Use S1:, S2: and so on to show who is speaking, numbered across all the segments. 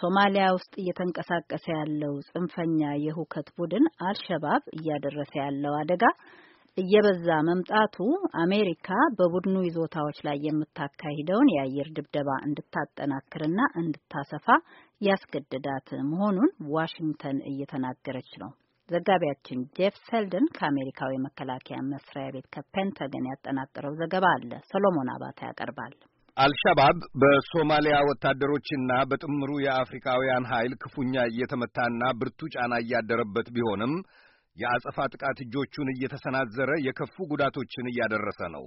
S1: ሶማሊያ ውስጥ እየተንቀሳቀሰ ያለው ጽንፈኛ የሁከት ቡድን አልሸባብ እያደረሰ ያለው አደጋ እየበዛ መምጣቱ አሜሪካ በቡድኑ ይዞታዎች ላይ የምታካሂደውን የአየር ድብደባ እንድታጠናክርና እንድታሰፋ ያስገድዳት መሆኑን ዋሽንግተን እየተናገረች ነው። ዘጋቢያችን ጄፍ ሰልደን ከአሜሪካው የመከላከያ መስሪያ ቤት ከፔንታገን ያጠናቀረው ዘገባ አለ። ሰሎሞን አባታ ያቀርባል።
S2: አልሻባብ በሶማሊያ ወታደሮችና በጥምሩ የአፍሪካውያን ኃይል ክፉኛ እየተመታና ብርቱ ጫና እያደረበት ቢሆንም የአጸፋ ጥቃት እጆቹን እየተሰናዘረ የከፉ ጉዳቶችን እያደረሰ ነው።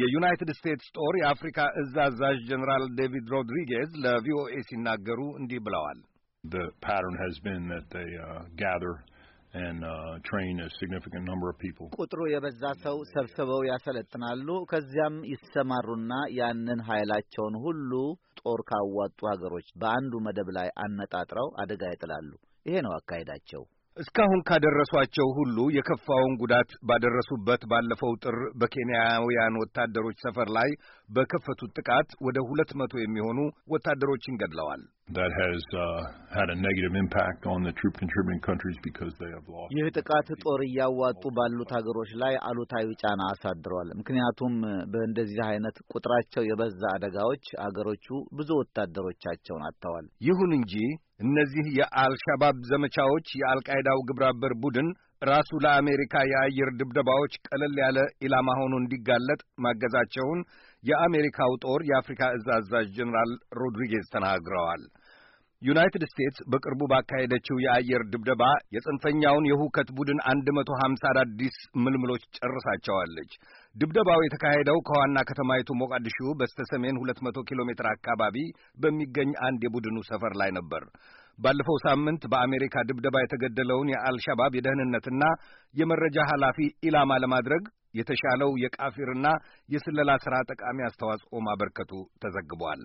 S2: የዩናይትድ ስቴትስ ጦር የአፍሪካ እዝ አዛዥ ጀኔራል ዴቪድ ሮድሪጌዝ ለቪኦኤ ሲናገሩ እንዲህ ብለዋል። The pattern has been that they uh, gather Uh,
S3: ቁጥሩ የበዛ ሰው ሰብስበው ያሰለጥናሉ። ከዚያም ይሰማሩና ያንን ኃይላቸውን ሁሉ ጦር ካዋጡ ሀገሮች በአንዱ መደብ ላይ አነጣጥረው አደጋ ይጥላሉ። ይሄ ነው አካሄዳቸው።
S2: እስካሁን ካደረሷቸው ሁሉ የከፋውን ጉዳት ባደረሱበት ባለፈው ጥር በኬንያውያን ወታደሮች ሰፈር ላይ በከፈቱት ጥቃት ወደ ሁለት መቶ የሚሆኑ ወታደሮችን ገድለዋል። uh,
S3: ይህ ጥቃት ጦር እያዋጡ ባሉት ሀገሮች ላይ አሉታዊ ጫና አሳድሯል። ምክንያቱም በእንደዚህ አይነት ቁጥራቸው የበዛ አደጋዎች አገሮቹ ብዙ ወታደሮቻቸውን አጥተዋል። ይሁን እንጂ
S2: እነዚህ የአልሻባብ ዘመቻዎች የአልቃይዳው ግብረአበር ቡድን ራሱ ለአሜሪካ የአየር ድብደባዎች ቀለል ያለ ኢላማ ሆኖ እንዲጋለጥ ማገዛቸውን የአሜሪካው ጦር የአፍሪካ እዝ አዛዥ ጀኔራል ሮድሪጌዝ ተናግረዋል። ዩናይትድ ስቴትስ በቅርቡ ባካሄደችው የአየር ድብደባ የጽንፈኛውን የሁከት ቡድን አንድ መቶ ሀምሳ አዳዲስ ምልምሎች ጨርሳቸዋለች። ድብደባው የተካሄደው ከዋና ከተማይቱ ሞቃዲሹ በስተ ሰሜን ሁለት መቶ ኪሎ ሜትር አካባቢ በሚገኝ አንድ የቡድኑ ሰፈር ላይ ነበር። ባለፈው ሳምንት በአሜሪካ ድብደባ የተገደለውን የአልሻባብ የደህንነትና የመረጃ ኃላፊ ኢላማ ለማድረግ የተሻለው የቃፊርና የስለላ ሥራ ጠቃሚ አስተዋጽኦ ማበርከቱ ተዘግቧል።